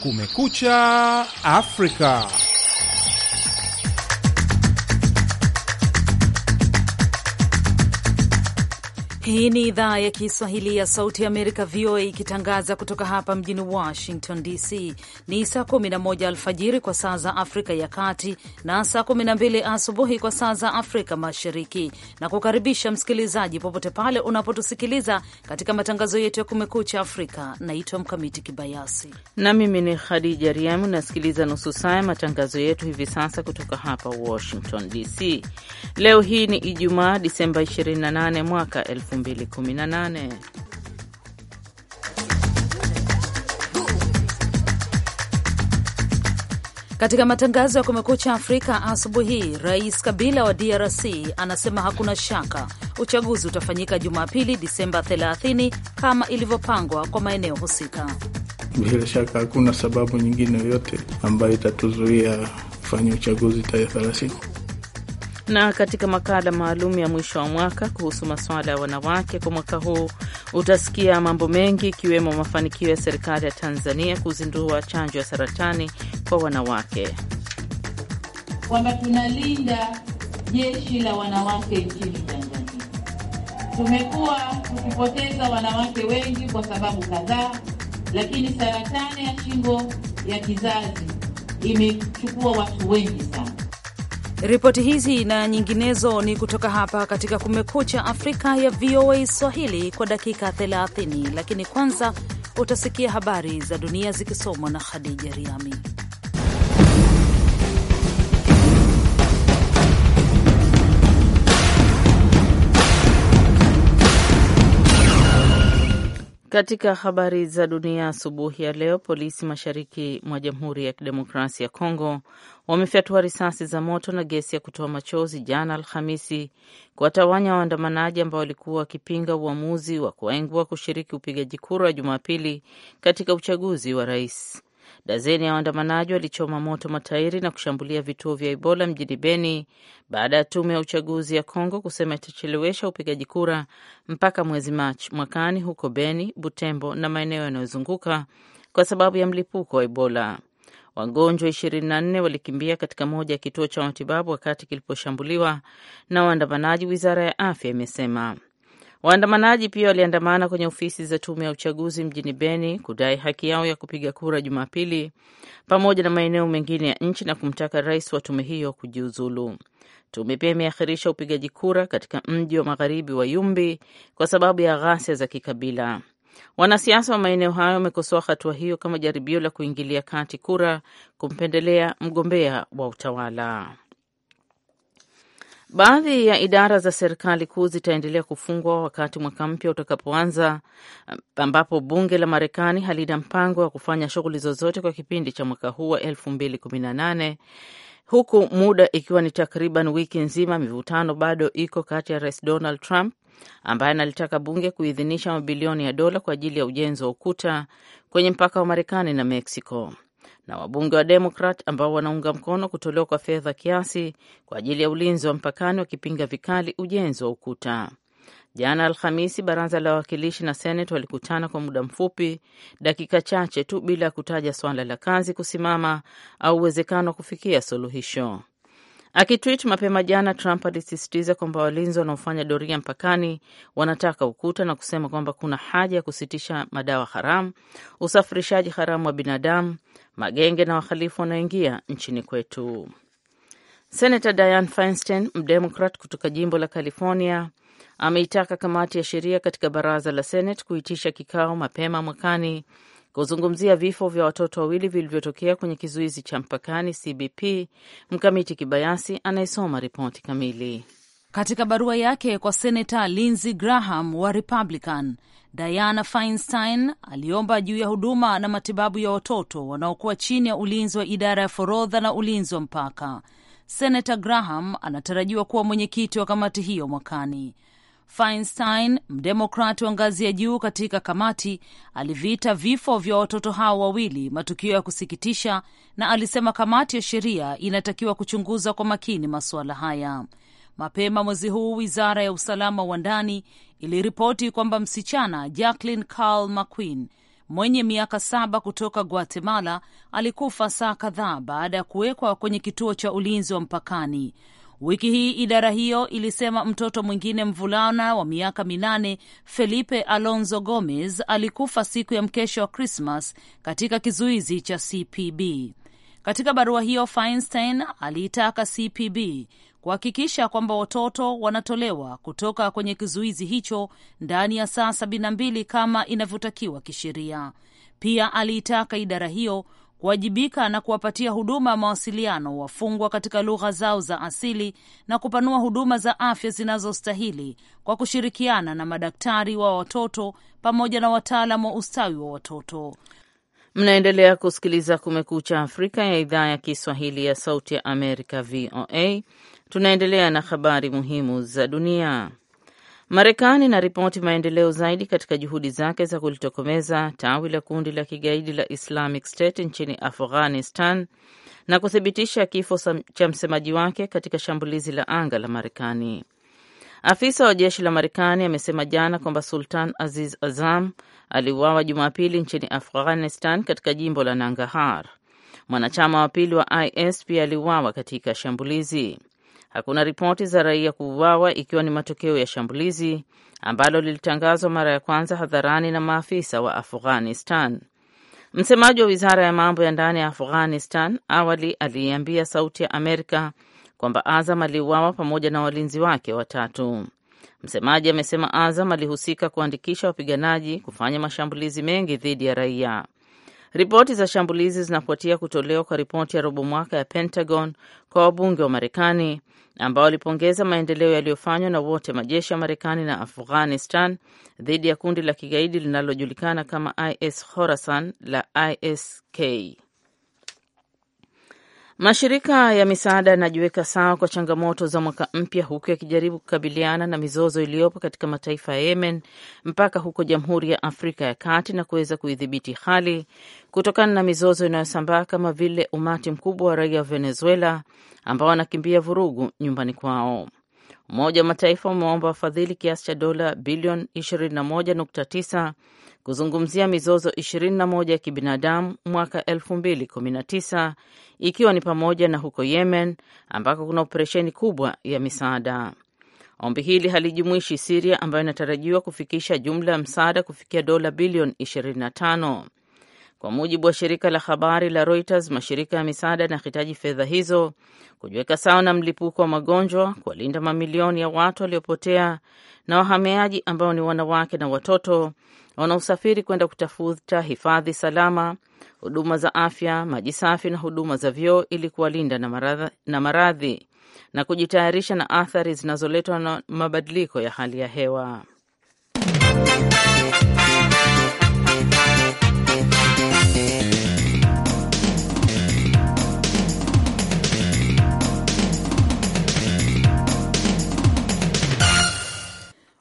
Kumekucha Afrika. Hii ni idhaa ya Kiswahili ya Sauti ya Amerika, VOA, ikitangaza kutoka hapa mjini Washington DC. Ni saa 11 alfajiri kwa saa za Afrika ya Kati na saa 12 asubuhi kwa saa za Afrika Mashariki, na kukaribisha msikilizaji popote pale unapotusikiliza katika matangazo yetu ya Kumekucha Afrika. Naitwa Mkamiti Kibayasi na mimi ni Khadija riami Nasikiliza nusu saa ya matangazo yetu hivi sasa kutoka hapa Washington DC. Leo hii ni Ijumaa, Disemba 28 mwaka katika matangazo ya Kumekucha Afrika asubuhi hii, Rais Kabila wa DRC anasema hakuna shaka uchaguzi utafanyika Jumapili, Disemba 30 kama ilivyopangwa kwa maeneo husika. Bila shaka hakuna sababu nyingine yoyote ambayo itatuzuia kufanya uchaguzi tarehe 30. Na katika makala maalum ya mwisho wa mwaka kuhusu masuala ya wanawake kwa mwaka huu utasikia mambo mengi, ikiwemo mafanikio ya serikali ya Tanzania kuzindua chanjo ya saratani kwa wanawake, kwamba tunalinda jeshi la wanawake nchini Tanzania. Tumekuwa tukipoteza wanawake wengi kwa sababu kadhaa, lakini saratani ya shingo ya kizazi imechukua watu wengi sana. Ripoti hizi na nyinginezo ni kutoka hapa katika Kumekucha Afrika ya VOA Swahili kwa dakika 30, lakini kwanza utasikia habari za dunia zikisomwa na Khadija Riami. Katika habari za dunia asubuhi ya leo, polisi mashariki mwa Jamhuri ya Kidemokrasia ya Kongo wamefyatua risasi za moto na gesi ya kutoa machozi jana Alhamisi kuwatawanya waandamanaji ambao walikuwa wakipinga uamuzi wa kuengwa kushiriki upigaji kura wa Jumapili katika uchaguzi wa rais. Dazeni ya waandamanaji walichoma moto matairi na kushambulia vituo vya Ebola mjini Beni baada ya tume ya uchaguzi ya Kongo kusema itachelewesha upigaji kura mpaka mwezi Machi mwakani huko Beni, Butembo na maeneo yanayozunguka kwa sababu ya mlipuko wa Ebola. Wagonjwa nne walikimbia katika moja ya kituo cha matibabu wakati kiliposhambuliwa na waandamanaji, wizara ya afya imesema. Waandamanaji pia waliandamana kwenye ofisi za tume ya uchaguzi mjini Beni kudai haki yao ya kupiga kura Jumapili pamoja na maeneo mengine ya nchi na kumtaka rais wa tume hiyo kujiuzulu. Tume pia imeakhirisha upigaji kura katika mji wa magharibi wa Yumbi kwa sababu ya ghasia za kikabila. Wanasiasa wa maeneo hayo wamekosoa hatua hiyo kama jaribio la kuingilia kati kura kumpendelea mgombea wa utawala. Baadhi ya idara za serikali kuu zitaendelea kufungwa wakati mwaka mpya utakapoanza, ambapo bunge la Marekani halina mpango wa kufanya shughuli zozote kwa kipindi cha mwaka huu wa 2018 huku muda ikiwa ni takriban wiki nzima. Mivutano bado iko kati ya Rais Donald Trump ambaye analitaka bunge kuidhinisha mabilioni ya dola kwa ajili ya ujenzi wa ukuta kwenye mpaka wa Marekani na Mexico na wabunge wa Demokrat ambao wanaunga mkono kutolewa kwa fedha kiasi kwa ajili ya ulinzi wa mpakani wakipinga vikali ujenzi wa ukuta. Jana Alhamisi, baraza la wawakilishi na Senate walikutana kwa muda mfupi, dakika chache tu, bila ya kutaja swala la kazi kusimama au uwezekano wa kufikia suluhisho. Akitwit mapema jana, Trump alisisitiza kwamba walinzi wanaofanya doria mpakani wanataka ukuta na kusema kwamba kuna haja ya kusitisha madawa haramu, usafirishaji haramu wa binadamu, magenge na wahalifu wanaoingia nchini kwetu. Senata Dianne Feinstein, mdemokrat kutoka jimbo la California, ameitaka kamati ya sheria katika baraza la Senate kuitisha kikao mapema mwakani kuzungumzia vifo vya watoto wawili vilivyotokea kwenye kizuizi cha mpakani CBP. Mkamiti Kibayasi anayesoma ripoti kamili. Katika barua yake kwa senata Lindsey Graham wa Republican, Diana Feinstein aliomba juu ya huduma na matibabu ya watoto wanaokuwa chini ya ulinzi wa idara ya forodha na ulinzi wa mpaka. Senata Graham anatarajiwa kuwa mwenyekiti wa kamati hiyo mwakani. Feinstein, mdemokrati wa ngazi ya juu katika kamati, aliviita vifo vya watoto hao wawili matukio ya kusikitisha, na alisema kamati ya sheria inatakiwa kuchunguza kwa makini masuala haya. Mapema mwezi huu wizara ya usalama wa ndani iliripoti kwamba msichana Jacqueline Carl McQueen mwenye miaka saba kutoka Guatemala alikufa saa kadhaa baada ya kuwekwa kwenye kituo cha ulinzi wa mpakani Wiki hii idara hiyo ilisema mtoto mwingine mvulana wa miaka minane Felipe Alonso Gomez alikufa siku ya mkesho wa Krismas katika kizuizi cha CPB. Katika barua hiyo, Feinstein aliitaka CPB kuhakikisha kwamba watoto wanatolewa kutoka kwenye kizuizi hicho ndani ya saa sabini na mbili kama inavyotakiwa kisheria. Pia aliitaka idara hiyo kuwajibika na kuwapatia huduma ya mawasiliano wafungwa katika lugha zao za asili na kupanua huduma za afya zinazostahili kwa kushirikiana na madaktari wa watoto pamoja na wataalam wa ustawi wa watoto. Mnaendelea kusikiliza Kumekucha Afrika ya idhaa ya Kiswahili ya Sauti ya Amerika, VOA. Tunaendelea na habari muhimu za dunia. Marekani inaripoti maendeleo zaidi katika juhudi zake za kulitokomeza tawi la kundi la kigaidi la Islamic State nchini Afghanistan na kuthibitisha kifo cha msemaji wake katika shambulizi la anga la Marekani. Afisa wa jeshi la Marekani amesema jana kwamba Sultan Aziz Azam aliuawa Jumapili nchini Afghanistan katika jimbo la Nangahar. Mwanachama wa pili wa IS pia aliuawa katika shambulizi. Hakuna ripoti za raia kuuawa, ikiwa ni matokeo ya shambulizi ambalo lilitangazwa mara ya kwanza hadharani na maafisa wa Afghanistan. Msemaji wa wizara ya mambo ya ndani ya Afghanistan awali aliiambia Sauti ya Amerika kwamba Azam aliuawa pamoja na walinzi wake watatu. Msemaji amesema Azam alihusika kuandikisha wapiganaji kufanya mashambulizi mengi dhidi ya raia. Ripoti za shambulizi zinafuatia kutolewa kwa ripoti ya robo mwaka ya Pentagon kwa wabunge wa Marekani ambao walipongeza maendeleo yaliyofanywa na wote majeshi ya Marekani na Afghanistan dhidi ya kundi la kigaidi linalojulikana kama IS Khorasan la ISK. Mashirika ya misaada yanajiweka sawa kwa changamoto za mwaka mpya huku yakijaribu kukabiliana na mizozo iliyopo katika mataifa ya Yemen mpaka huko Jamhuri ya Afrika ya Kati na kuweza kuidhibiti hali kutokana na mizozo inayosambaa kama vile umati mkubwa wa raia wa Venezuela ambao wanakimbia vurugu nyumbani kwao. Umoja wa Mataifa umeomba wafadhili kiasi cha dola bilioni 21.9 kuzungumzia mizozo 21 ya kibinadamu mwaka 2019 ikiwa ni pamoja na huko Yemen ambako kuna operesheni kubwa ya misaada. Ombi hili halijumuishi Siria ambayo inatarajiwa kufikisha jumla ya msaada kufikia dola bilioni 25. Kwa mujibu wa shirika la habari la Reuters, mashirika ya misaada yanahitaji fedha hizo kujiweka sawa na mlipuko wa magonjwa, kuwalinda mamilioni ya watu waliopotea na wahamiaji ambao ni wanawake na watoto wanaosafiri kwenda kutafuta hifadhi salama, huduma za afya, maji safi na huduma za vyoo ili kuwalinda na maradhi na kujitayarisha na athari zinazoletwa na mabadiliko ya hali ya hewa.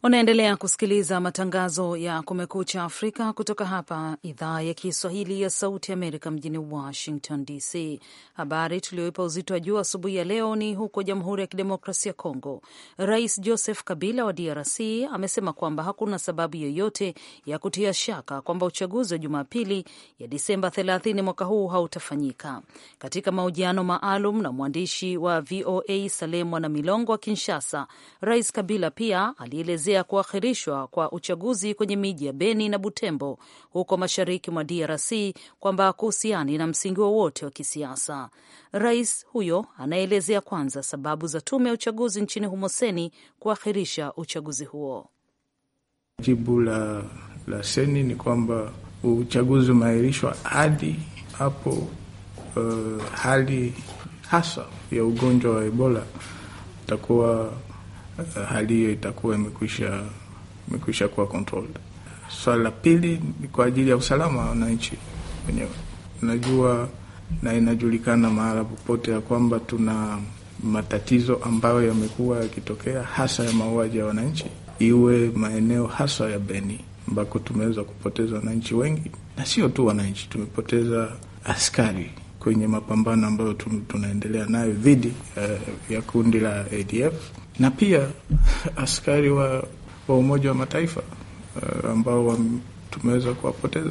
Unaendelea kusikiliza matangazo ya Kumekucha Afrika kutoka hapa idhaa ya Kiswahili ya Sauti Amerika mjini Washington DC. Habari tuliyoipa uzito wa juu asubuhi ya leo ni huko Jamhuri ya Kidemokrasia ya Kongo. Rais Joseph Kabila wa DRC amesema kwamba hakuna sababu yoyote ya kutia shaka kwamba uchaguzi wa Jumapili ya Disemba 30 mwaka huu hautafanyika. Katika mahojiano maalum na mwandishi wa VOA Salemwa na Milongo wa Kinshasa, Rais Kabila pia alielezea kuelezea kuahirishwa kwa uchaguzi kwenye miji ya Beni na Butembo huko mashariki mwa DRC kwamba kuhusiani na msingi wowote wa kisiasa. Rais huyo anaelezea kwanza sababu za tume ya uchaguzi nchini humo seni kuahirisha uchaguzi huo. Jibu la, la seni ni kwamba uchaguzi umeahirishwa hadi hapo uh, hali hasa ya ugonjwa wa Ebola utakuwa hali hiyo itakuwa imekwisha imekwisha kuwa controlled. Swala la pili ni kwa ajili ya usalama wa wananchi wenyewe. Unajua, na inajulikana mahala popote ya kwamba tuna matatizo ambayo yamekuwa yakitokea hasa ya mauaji ya wananchi, iwe maeneo hasa ya Beni ambako tumeweza kupoteza wananchi wengi, na sio tu wananchi, tumepoteza askari kwenye mapambano ambayo tunaendelea nayo dhidi uh, ya kundi la ADF na pia askari wa, wa Umoja wa Mataifa uh, ambao tumeweza kuwapoteza.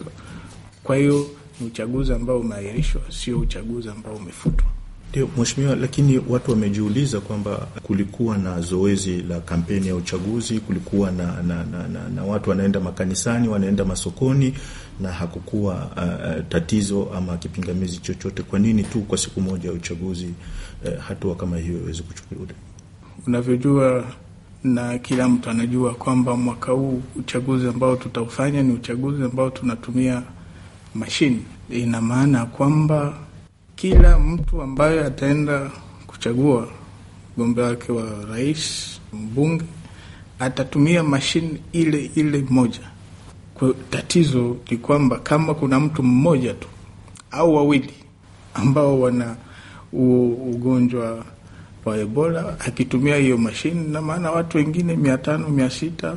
Kwa hiyo ni uchaguzi ambao umeahirishwa, sio uchaguzi ambao umefutwa. Ndio mheshimiwa, lakini watu wamejiuliza kwamba kulikuwa na zoezi la kampeni ya uchaguzi, kulikuwa na, na, na, na, na watu wanaenda makanisani, wanaenda masokoni na hakukuwa uh, tatizo ama kipingamizi chochote. Kwa nini tu kwa siku moja ya uchaguzi uh, hatua kama hiyo iweze kuchukuliwa? unavyojua na kila mtu anajua kwamba mwaka huu uchaguzi ambao tutaufanya ni uchaguzi ambao tunatumia mashini. Ina maana kwamba kila mtu ambaye ataenda kuchagua mgombea wake wa rais, mbunge, atatumia mashini ile ile moja. Kwa tatizo ni kwamba kama kuna mtu mmoja tu au wawili ambao wana ugonjwa wa Ebola akitumia hiyo mashine, na maana watu wengine mia tano mia sita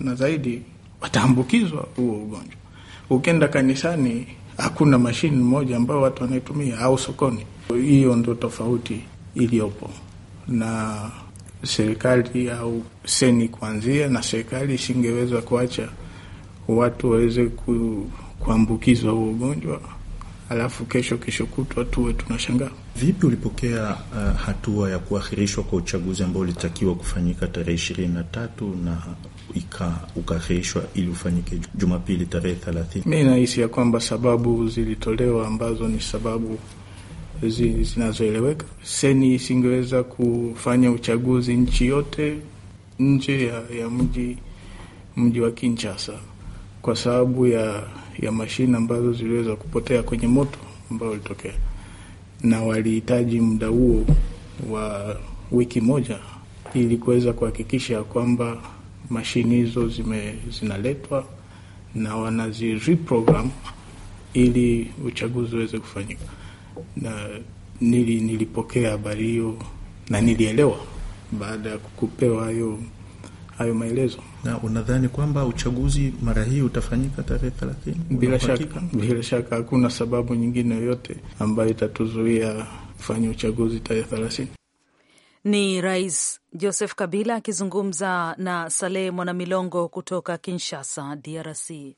na zaidi wataambukizwa huo ugonjwa. Ukienda kanisani hakuna mashine moja ambayo watu wanaitumia au sokoni. Hiyo ndo tofauti iliyopo na serikali au seni kuanzia, na serikali isingeweza kuacha watu waweze kuambukizwa huo ugonjwa alafu kesho kesho kutwa tuwe tunashangaa. Vipi ulipokea uh, hatua ya kuahirishwa kwa uchaguzi ambao ulitakiwa kufanyika tarehe ishirini na tatu na ukaahirishwa ili ufanyike Jumapili tarehe thelathini? Mi nahisi ya kwamba sababu zilitolewa ambazo ni sababu zinazoeleweka. Seni isingeweza kufanya uchaguzi nchi yote nje ya, ya mji mji wa Kinshasa kwa sababu ya ya mashine ambazo ziliweza kupotea kwenye moto ambao ulitokea, na walihitaji muda huo wa wiki moja ili kuweza kuhakikisha kwamba mashine hizo zime, zinaletwa na wanazi reprogram ili uchaguzi uweze kufanyika. Na nili, nilipokea habari hiyo na nilielewa baada ya kupewa hayo hayo maelezo. Na unadhani kwamba uchaguzi mara hii utafanyika tarehe thelathini? Bila shaka, bila shaka hakuna sababu nyingine yoyote ambayo itatuzuia kufanya uchaguzi tarehe thelathini. Ni Rais Joseph Kabila akizungumza na Saleh Mwanamilongo kutoka Kinshasa, DRC.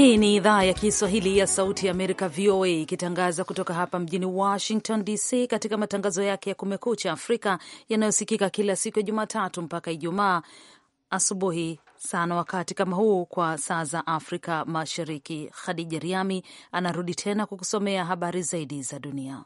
Hii ni idhaa ya Kiswahili ya Sauti ya Amerika, VOA, ikitangaza kutoka hapa mjini Washington DC, katika matangazo yake ya Kumekucha Afrika yanayosikika kila siku ya Jumatatu mpaka Ijumaa asubuhi sana wakati kama huu kwa saa za Afrika Mashariki. Khadija Riami anarudi tena kukusomea habari zaidi za dunia.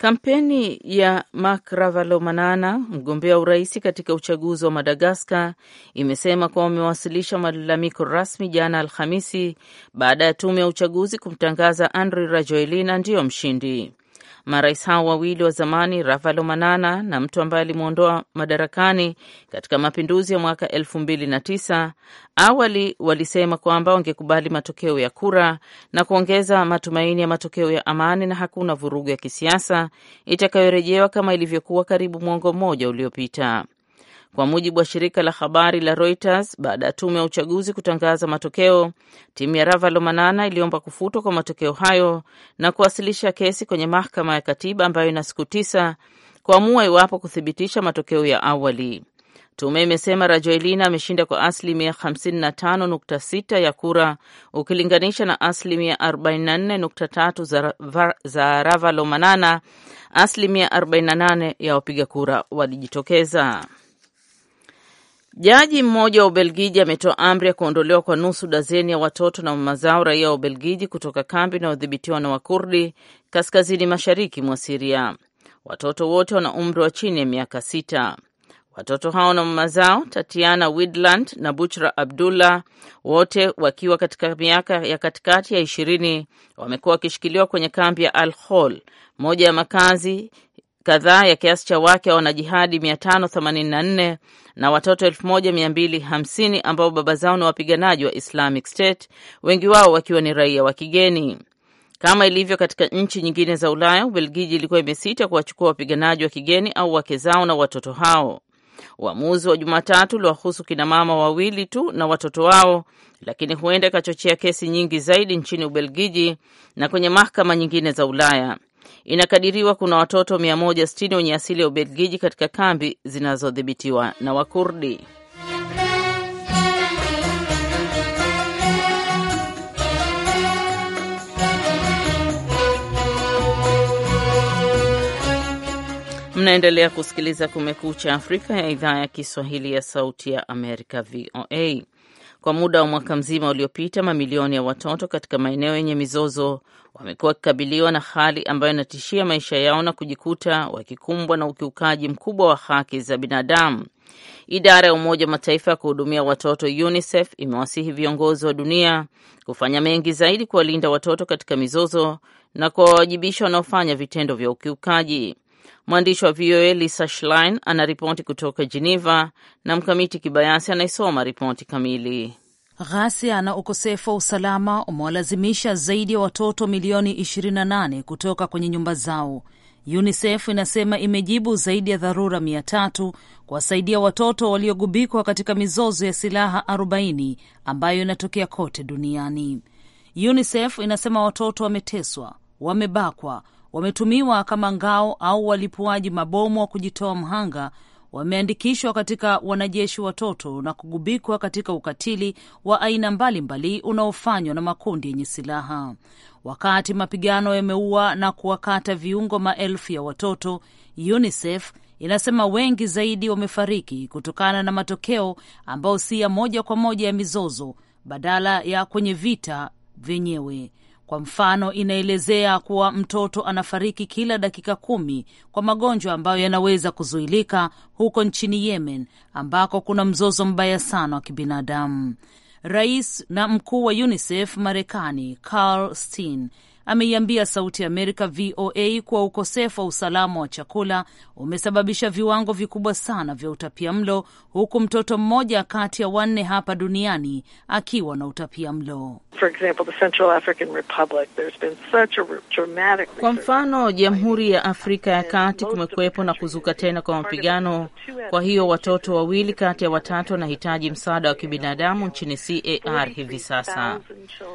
Kampeni ya Marc Ravalomanana, mgombea urais katika uchaguzi wa Madagaskar, imesema kuwa wamewasilisha malalamiko rasmi jana Alhamisi baada ya tume ya uchaguzi kumtangaza Andry Rajoelina ndiyo mshindi. Marais hao wawili wa zamani Ravalo Manana na mtu ambaye alimwondoa madarakani katika mapinduzi ya mwaka elfu mbili na tisa awali walisema kwamba wangekubali matokeo ya kura na kuongeza matumaini ya matokeo ya amani na hakuna vurugu ya kisiasa itakayorejewa kama ilivyokuwa karibu mwongo mmoja uliopita. Kwa mujibu wa shirika la habari la Reuters, baada ya tume ya uchaguzi kutangaza matokeo, timu ya Ravalomanana iliomba kufutwa kwa matokeo hayo na kuwasilisha kesi kwenye mahakama ya katiba ambayo ina siku tisa kuamua iwapo kuthibitisha matokeo ya awali. Tume imesema Rajoelina ameshinda kwa asilimia 55.6 ya kura ukilinganisha na asilimia 44.3 za Ravalomanana. Asilimia 48 ya wapiga kura walijitokeza. Jaji mmoja wa Ubelgiji ametoa amri ya kuondolewa kwa nusu dazeni ya watoto na mama zao raia wa Ubelgiji kutoka kambi inayodhibitiwa na Wakurdi kaskazini mashariki mwa Siria. Watoto wote wana umri wa chini ya miaka sita. Watoto hao na mama zao Tatiana Widland na Buchra Abdullah, wote wakiwa katika miaka ya katikati ya ishirini, wamekuwa wakishikiliwa kwenye kambi ya Al Hol, moja ya makazi kadhaa ya kiasi cha wake wa wanajihadi 584 na watoto 1250 ambao baba zao ni wapiganaji wa Islamic State, wengi wao wakiwa ni raia wa kigeni. Kama ilivyo katika nchi nyingine za Ulaya, Ubelgiji ilikuwa imesita kuwachukua wapiganaji wa kigeni au wake zao na watoto hao. Uamuzi wa Jumatatu uliwahusu kinamama wawili tu na watoto wao, lakini huenda ikachochea kesi nyingi zaidi nchini Ubelgiji na kwenye mahakama nyingine za Ulaya. Inakadiriwa kuna watoto 160 wenye asili ya Ubelgiji katika kambi zinazodhibitiwa na Wakurdi. Mnaendelea kusikiliza Kumekucha Afrika ya idhaa ya Kiswahili ya Sauti ya Amerika, VOA. Kwa muda wa mwaka mzima uliopita, mamilioni ya watoto katika maeneo yenye mizozo wamekuwa wakikabiliwa na hali ambayo inatishia maisha yao na kujikuta wakikumbwa na ukiukaji mkubwa wa haki za binadamu. Idara ya Umoja wa Mataifa ya kuhudumia watoto UNICEF imewasihi viongozi wa dunia kufanya mengi zaidi kuwalinda watoto katika mizozo na kuwawajibisha wanaofanya vitendo vya ukiukaji. Mwandishi wa VOA Lisa Schlein anaripoti kutoka Geneva na Mkamiti Kibayasi anayesoma ripoti kamili. Ghasia na ukosefu wa usalama umewalazimisha zaidi ya watoto milioni 28 kutoka kwenye nyumba zao. UNICEF inasema imejibu zaidi ya dharura mia tatu kuwasaidia watoto waliogubikwa katika mizozo ya silaha 40 ambayo inatokea kote duniani. UNICEF inasema watoto wameteswa, wamebakwa, wametumiwa kama ngao au walipuaji mabomu wa kujitoa mhanga wameandikishwa katika wanajeshi watoto na kugubikwa katika ukatili wa aina mbalimbali unaofanywa na makundi yenye silaha. Wakati mapigano yameua na kuwakata viungo maelfu ya watoto, UNICEF inasema wengi zaidi wamefariki kutokana na matokeo ambayo si ya moja kwa moja ya mizozo, badala ya kwenye vita vyenyewe. Kwa mfano, inaelezea kuwa mtoto anafariki kila dakika kumi kwa magonjwa ambayo yanaweza kuzuilika huko nchini Yemen ambako kuna mzozo mbaya sana wa kibinadamu. Rais na mkuu wa UNICEF Marekani Carl Stein ameiambia Sauti ya Amerika VOA kuwa ukosefu wa usalama wa chakula umesababisha viwango vikubwa sana vya utapia mlo huku mtoto mmoja kati ya wanne hapa duniani akiwa na utapia mlo Kwa mfano, Jamhuri ya Afrika ya Kati kumekuwepo na kuzuka tena kwa mapigano. Kwa hiyo watoto wawili kati ya watatu wanahitaji msaada wa kibinadamu nchini CAR hivi sasa,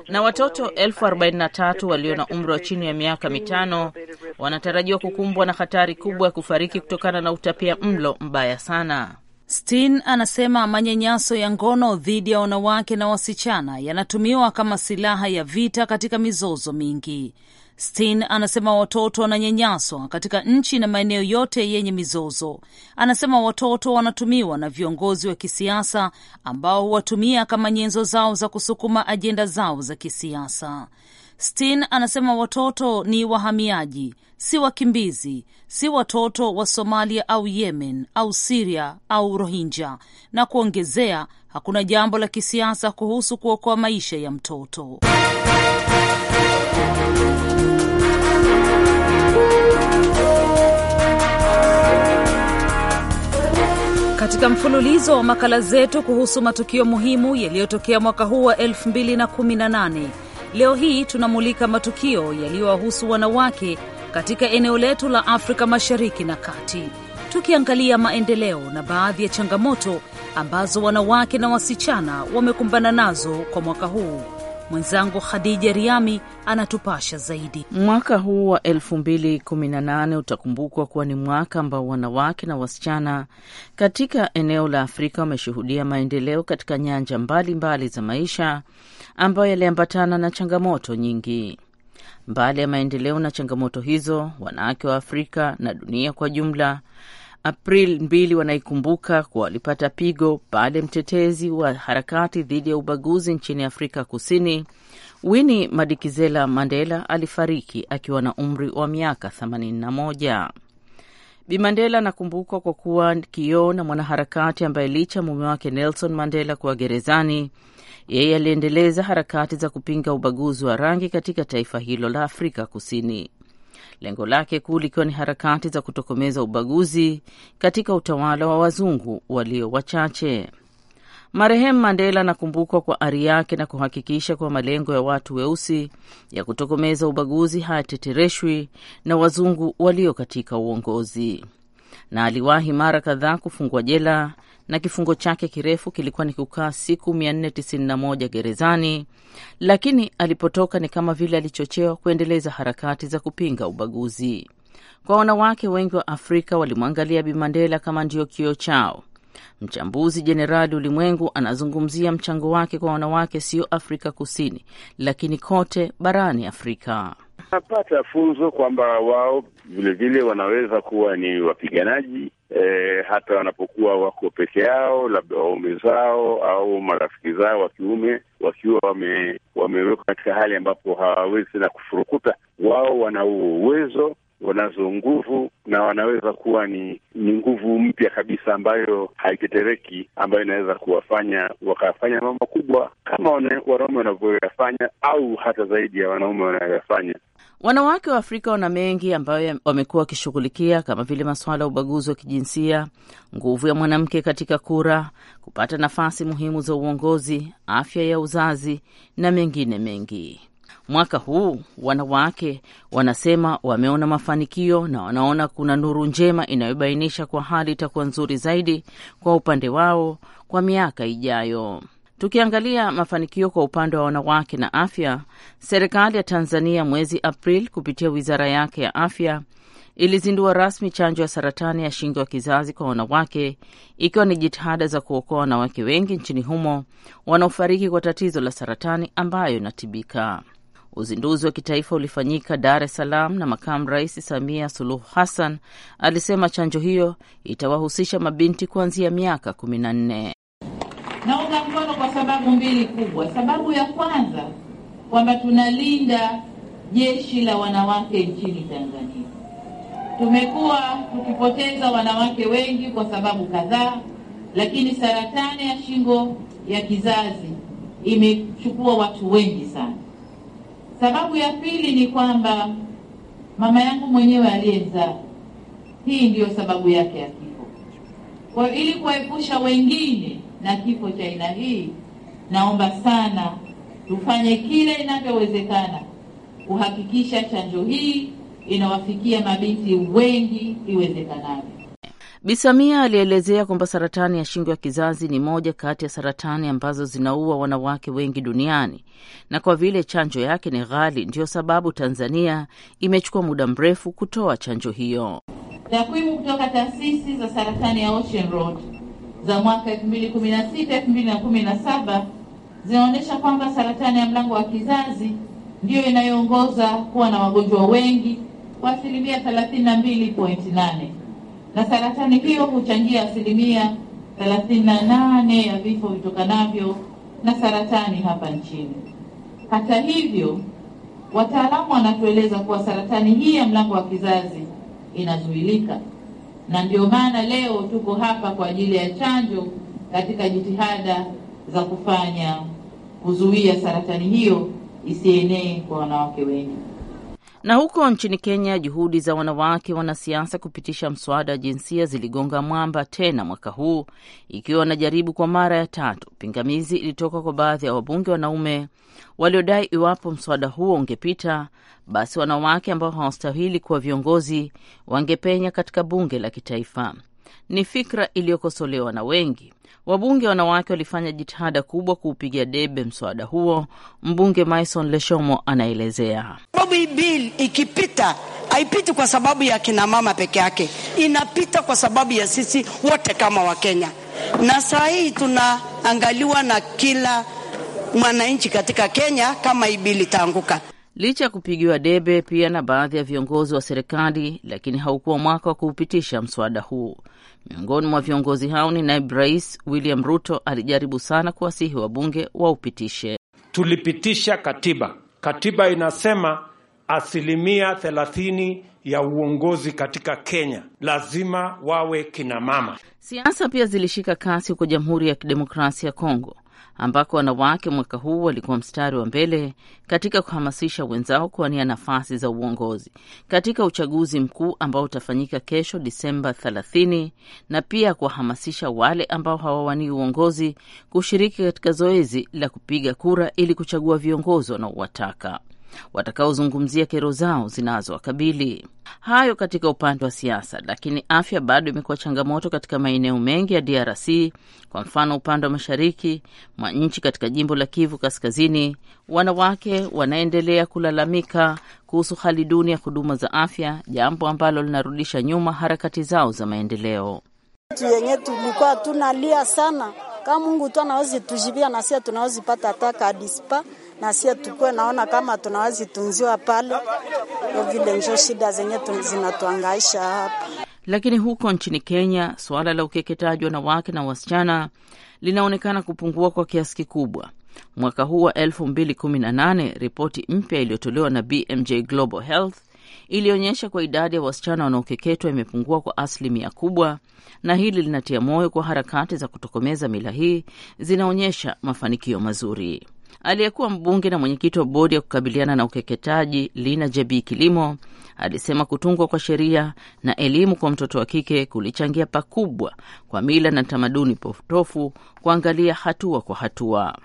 na watoto elfu arobaini na tatu walio na umri wa chini ya miaka mitano wanatarajiwa kukumbwa na hatari kubwa ya kufariki kutokana na utapia mlo mbaya sana. Stein anasema manyanyaso ya ngono dhidi ya wanawake na wasichana yanatumiwa kama silaha ya vita katika mizozo mingi. Stein anasema watoto wananyanyaswa katika nchi na maeneo yote yenye mizozo. Anasema watoto wanatumiwa na viongozi wa kisiasa ambao huwatumia kama nyenzo zao za kusukuma ajenda zao za kisiasa. Stein anasema watoto ni wahamiaji, si wakimbizi, si watoto wa Somalia au Yemen au Siria au Rohingya, na kuongezea, hakuna jambo la kisiasa kuhusu kuokoa maisha ya mtoto. Katika mfululizo wa makala zetu kuhusu matukio muhimu yaliyotokea mwaka huu wa 2018 Leo hii tunamulika matukio yaliyowahusu wanawake katika eneo letu la Afrika Mashariki na Kati, tukiangalia maendeleo na baadhi ya changamoto ambazo wanawake na wasichana wamekumbana nazo kwa mwaka huu. Mwenzangu Khadija Riami anatupasha zaidi. Mwaka huu wa 2018 utakumbukwa kuwa ni mwaka ambao wanawake na wasichana katika eneo la Afrika wameshuhudia maendeleo katika nyanja mbalimbali mbali za maisha ambayo yaliambatana na changamoto nyingi. Mbali ya maendeleo na changamoto hizo, wanawake wa Afrika na dunia kwa jumla April mbili wanaikumbuka kuwa walipata pigo baada ya mtetezi wa harakati dhidi ya ubaguzi nchini Afrika Kusini Winnie Madikizela Mandela alifariki akiwa na umri wa miaka 81. Bi Mandela anakumbukwa kwa kuwa kioo na mwanaharakati ambaye licha mume wake Nelson Mandela kuwa gerezani, yeye aliendeleza harakati za kupinga ubaguzi wa rangi katika taifa hilo la Afrika Kusini, lengo lake kuu likiwa ni harakati za kutokomeza ubaguzi katika utawala wa wazungu walio wachache. Marehemu Mandela anakumbukwa kwa ari yake na kuhakikisha kuwa malengo ya watu weusi ya kutokomeza ubaguzi hayatetereshwi na wazungu walio katika uongozi, na aliwahi mara kadhaa kufungwa jela na kifungo chake kirefu kilikuwa ni kukaa siku 491 gerezani, lakini alipotoka ni kama vile alichochewa kuendeleza harakati za kupinga ubaguzi. Kwa wanawake wengi wa Afrika walimwangalia Bi Mandela kama ndiyo kioo chao Mchambuzi Jenerali Ulimwengu anazungumzia mchango wake kwa wanawake, sio Afrika Kusini, lakini kote barani Afrika. Napata funzo kwamba wao vilevile wanaweza kuwa ni wapiganaji e, hata wanapokuwa wako peke yao, labda waume zao au marafiki zao wa kiume wakiwa wame, wamewekwa katika hali ambapo hawawezi na kufurukuta, wao wana uwezo wanazo nguvu na wanaweza kuwa ni ni nguvu mpya kabisa ambayo haitetereki, ambayo inaweza kuwafanya wakafanya mambo makubwa kama wanaume wanavyoyafanya au hata zaidi ya wanaume wanayoyafanya. Wanawake wa Afrika wana mengi ambayo wamekuwa wakishughulikia kama vile masuala ya ubaguzi wa kijinsia, nguvu ya mwanamke katika kura, kupata nafasi muhimu za uongozi, afya ya uzazi na mengine mengi. Mwaka huu wanawake wanasema wameona mafanikio na wanaona kuna nuru njema inayobainisha kwa hali itakuwa nzuri zaidi kwa upande wao kwa miaka ijayo. Tukiangalia mafanikio kwa upande wa wanawake na afya, serikali ya Tanzania mwezi Aprili kupitia wizara yake ya afya ilizindua rasmi chanjo ya saratani ya shingo ya kizazi kwa wanawake ikiwa ni jitihada za kuokoa wanawake wengi nchini humo wanaofariki kwa tatizo la saratani ambayo inatibika. Uzinduzi wa kitaifa ulifanyika Dar es Salaam na Makamu Rais Samia Suluhu Hassan alisema chanjo hiyo itawahusisha mabinti kuanzia miaka kumi na nne. Naunga mkono kwa sababu mbili kubwa. Sababu ya kwanza kwamba tunalinda jeshi la wanawake nchini Tanzania. Tumekuwa tukipoteza wanawake wengi kwa sababu kadhaa, lakini saratani ya shingo ya kizazi imechukua watu wengi sana Sababu ya pili ni kwamba mama yangu mwenyewe aliyezaa, hii ndiyo sababu yake ya kifo. Kwa ili kuwaepusha wengine na kifo cha aina hii, naomba sana tufanye kile inavyowezekana kuhakikisha chanjo hii inawafikia mabinti wengi iwezekanavyo bisamia alielezea kwamba saratani ya shingo ya kizazi ni moja kati ya saratani ambazo zinaua wanawake wengi duniani, na kwa vile chanjo yake ni ghali, ndiyo sababu Tanzania imechukua muda mrefu kutoa chanjo hiyo. Takwimu kutoka taasisi za saratani ya Ocean Road za mwaka 2016 2017 zinaonyesha kwamba saratani ya mlango wa kizazi ndiyo inayoongoza kuwa na wagonjwa wengi kwa asilimia 32.8 na saratani hiyo huchangia asilimia 38 ya vifo vitokanavyo na saratani hapa nchini. Hata hivyo, wataalamu wanatueleza kuwa saratani hii ya mlango wa kizazi inazuilika, na ndio maana leo tuko hapa kwa ajili ya chanjo katika jitihada za kufanya kuzuia saratani hiyo isienee kwa wanawake wengi. Na huko nchini Kenya, juhudi za wanawake wanasiasa kupitisha mswada wa jinsia ziligonga mwamba tena mwaka huu, ikiwa wanajaribu kwa mara ya tatu. Pingamizi ilitoka kwa baadhi ya wabunge wanaume waliodai iwapo mswada huo ungepita, basi wanawake ambao hawastahili kuwa viongozi wangepenya katika bunge la kitaifa ni fikra iliyokosolewa na wengi. Wabunge wanawake walifanya jitihada kubwa kuupigia debe mswada huo. Mbunge Maison Leshomo anaelezea sababu hii bill ikipita haipiti kwa sababu ya kinamama peke yake, inapita kwa sababu ya sisi wote kama Wakenya, na saa hii tunaangaliwa na kila mwananchi katika Kenya kama hii bili itaanguka. Licha ya kupigiwa debe pia na baadhi ya viongozi wa serikali, lakini haukuwa mwaka wa kuupitisha mswada huu. Miongoni mwa viongozi hao ni naibu rais William Ruto, alijaribu sana kuwasihi wabunge waupitishe. Tulipitisha katiba, katiba inasema asilimia thelathini ya uongozi katika Kenya lazima wawe kinamama. Siasa pia zilishika kasi huko Jamhuri ya Kidemokrasia ya Kongo ambako wanawake mwaka huu walikuwa mstari wa mbele katika kuhamasisha wenzao kuwania nafasi za uongozi katika uchaguzi mkuu ambao utafanyika kesho Disemba 30 na pia kuwahamasisha wale ambao hawawanii uongozi kushiriki katika zoezi la kupiga kura ili kuchagua viongozi wanaowataka watakaozungumzia kero zao zinazowakabili. Hayo katika upande wa siasa, lakini afya bado imekuwa changamoto katika maeneo mengi ya DRC. Kwa mfano, upande wa mashariki mwa nchi katika jimbo la Kivu Kaskazini, wanawake wanaendelea kulalamika kuhusu hali duni ya huduma za afya, jambo ambalo linarudisha nyuma harakati zao za maendeleo. Yenye tulikuwa tunalia sana, kama Mungu tu anawezi tujibia, na sisi tunawezi pata hata kadispa na sie tukue naona kama tunawezi tunziwa pale vile, njo shida zenye zinatuangaisha hapa. Lakini huko nchini Kenya suala la ukeketaji wanawake na wasichana linaonekana kupungua kwa kiasi kikubwa. Mwaka huu wa 2018 ripoti mpya iliyotolewa na BMJ Global Health ilionyesha kwa idadi ya wasichana wanaokeketwa imepungua kwa asilimia kubwa, na hili linatia moyo kwa harakati za kutokomeza mila hii zinaonyesha mafanikio mazuri. Aliyekuwa mbunge na mwenyekiti wa bodi ya kukabiliana na ukeketaji Lina jeb Kilimo alisema kutungwa kwa sheria na elimu kwa mtoto wa kike kulichangia pakubwa kwa mila na tamaduni potofu kuangalia hatua kwa hatua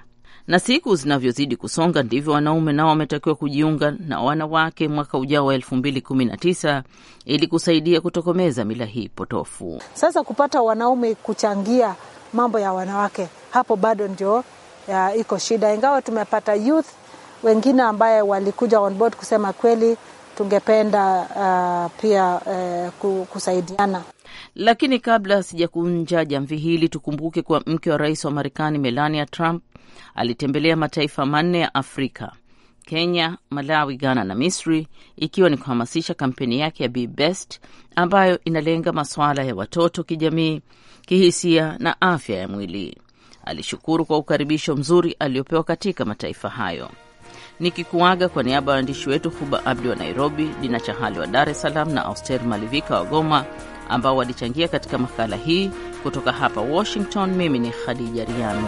na siku zinavyozidi kusonga ndivyo wanaume nao wametakiwa kujiunga na wanawake mwaka ujao wa elfu mbili kumi na tisa ili kusaidia kutokomeza mila hii potofu. Sasa kupata wanaume kuchangia mambo ya wanawake, hapo bado ndio ya iko shida, ingawa tumepata youth wengine ambaye walikuja on board kusema kweli tungependa uh, pia uh, kusaidiana. Lakini kabla sijakunja jamvi hili, tukumbuke kuwa mke wa rais wa Marekani Melania Trump alitembelea mataifa manne ya Afrika: Kenya, Malawi, Ghana na Misri, ikiwa ni kuhamasisha kampeni yake ya Be Best ambayo inalenga masuala ya watoto kijamii, kihisia na afya ya mwili alishukuru kwa ukaribisho mzuri aliopewa katika mataifa hayo. Nikikuaga kwa niaba ya waandishi wetu Huba Abdi wa Nairobi, Dina Chahali wa Dar es Salaam na Auster Malivika wa Goma ambao walichangia katika makala hii. Kutoka hapa Washington, mimi ni Khadija Riami.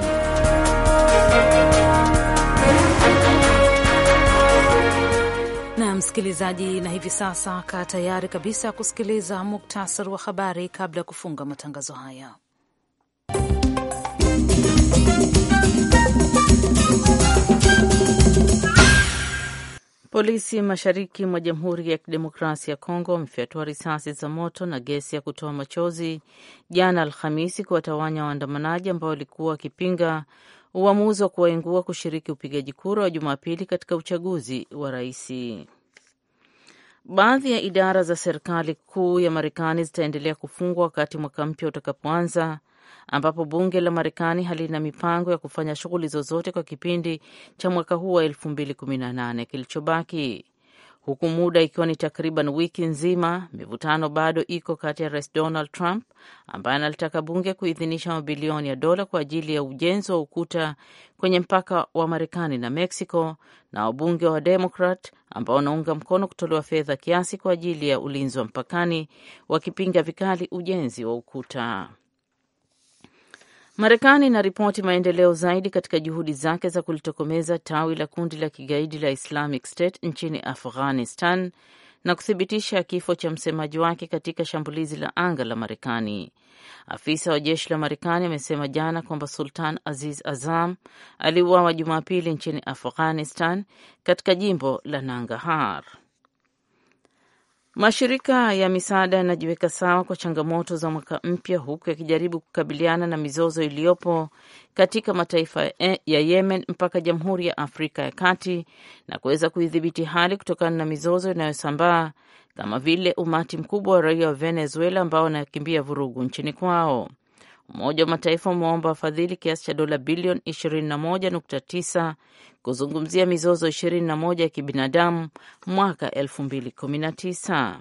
Msikilizaji, na hivi sasa kaa tayari kabisa kusikiliza muktasari wa habari kabla ya kufunga matangazo haya. Polisi mashariki mwa Jamhuri ya Kidemokrasia ya Kongo wamefyatua risasi za moto na gesi ya kutoa machozi jana Alhamisi kuwatawanya waandamanaji ambao walikuwa wakipinga uamuzi wa kuwaingua kushiriki upigaji kura wa Jumapili katika uchaguzi wa raisi. Baadhi ya idara za serikali kuu ya Marekani zitaendelea kufungwa wakati mwaka mpya utakapoanza ambapo bunge la Marekani halina mipango ya kufanya shughuli zozote kwa kipindi cha mwaka huu wa 2018 kilichobaki, huku muda ikiwa ni takriban wiki nzima. Mivutano bado iko kati ya Rais Donald Trump ambaye analitaka bunge kuidhinisha mabilioni ya dola kwa ajili ya ujenzi wa ukuta kwenye mpaka wa Marekani na Mexico, na wabunge wa Demokrat ambao wanaunga mkono kutolewa fedha kiasi kwa ajili ya ulinzi wa mpakani, wakipinga vikali ujenzi wa ukuta. Marekani inaripoti maendeleo zaidi katika juhudi zake za kulitokomeza tawi la kundi la kigaidi la Islamic State nchini Afghanistan na kuthibitisha kifo cha msemaji wake katika shambulizi la anga la Marekani. Afisa wa jeshi la Marekani amesema jana kwamba Sultan Aziz Azam aliuawa Jumapili nchini Afghanistan katika jimbo la Nangarhar. Mashirika ya misaada yanajiweka sawa kwa changamoto za mwaka mpya huku yakijaribu kukabiliana na mizozo iliyopo katika mataifa e, ya Yemen mpaka Jamhuri ya Afrika ya Kati na kuweza kuidhibiti hali kutokana na mizozo inayosambaa kama vile umati mkubwa wa raia wa Venezuela ambao wanakimbia vurugu nchini kwao. Umoja wa Mataifa umeomba wafadhili kiasi cha dola bilioni 21.9 kuzungumzia mizozo 21 ya kibinadamu mwaka 2019.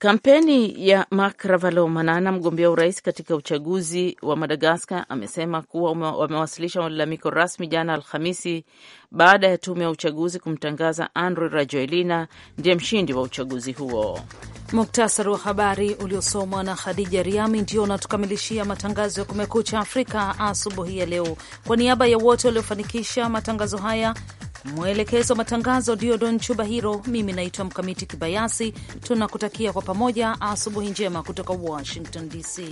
Kampeni ya Marc Ravalomanana, mgombea urais katika uchaguzi wa Madagaskar, amesema kuwa wamewasilisha malalamiko rasmi jana Alhamisi baada ya tume ya uchaguzi kumtangaza Andry Rajoelina ndiye mshindi wa uchaguzi huo. Muktasari wa habari uliosomwa na Khadija Riami ndio unatukamilishia matangazo ya Kumekucha Afrika asubuhi ya leo. Kwa niaba ya wote waliofanikisha matangazo haya Mwelekezo wa matangazo Diodon Chuba Hiro, mimi naitwa Mkamiti Kibayasi. Tunakutakia kwa pamoja asubuhi njema kutoka Washington DC.